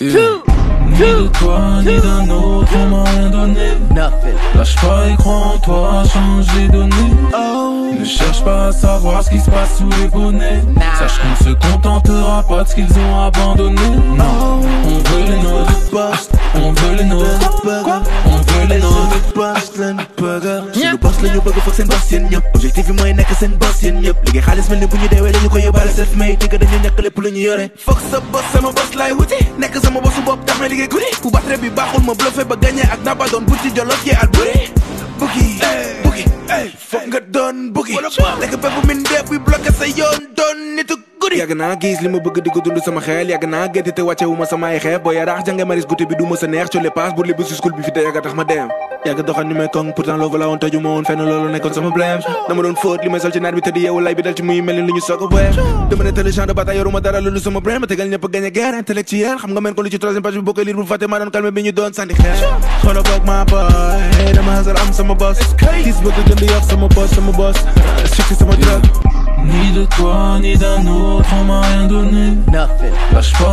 Ni de toi, ni d'un autre, m'a rien donné. Lâche pas et crois en toi, change les données. Oh. Ne cherche pas à savoir ce qui se passe sous les bonnets. Sache qu'on ne se contentera pas de ce qu'ils ont abandonné. bas lañu bëgg suñu bas lañu bëgg foog seen nekk sa bas sama bas bopp tax may liggéey guddi bu battre bi baaxul ma bluffé ba gagné ak naba doon buti jolof yee at buri buki buki foog nga buki lekk peppu min deeb bi bloqué sa yoon ko de yàgg naa li ma bëgg di ko dund sama xel yàgg naa te wàcce wu ma sama ay xeeb boo yaraax jànge maris goûté bi du ma neex cole paas bu libu si school bi fi te yàgg tax ma dem yàgg doxal ni may kong pourtant loolu la woon tëju ma woon fenn loolu nekkoon sama blème dama doon fóot li may ci naat bi te di yeewu lay bi dal ci muy mel ni lu ñu soog a weer maa doon calme ma boy am sama boss gis bëgg gën di yokk sama boss sama boss succi sama drog toi ni d'un autre, donné. Nothing.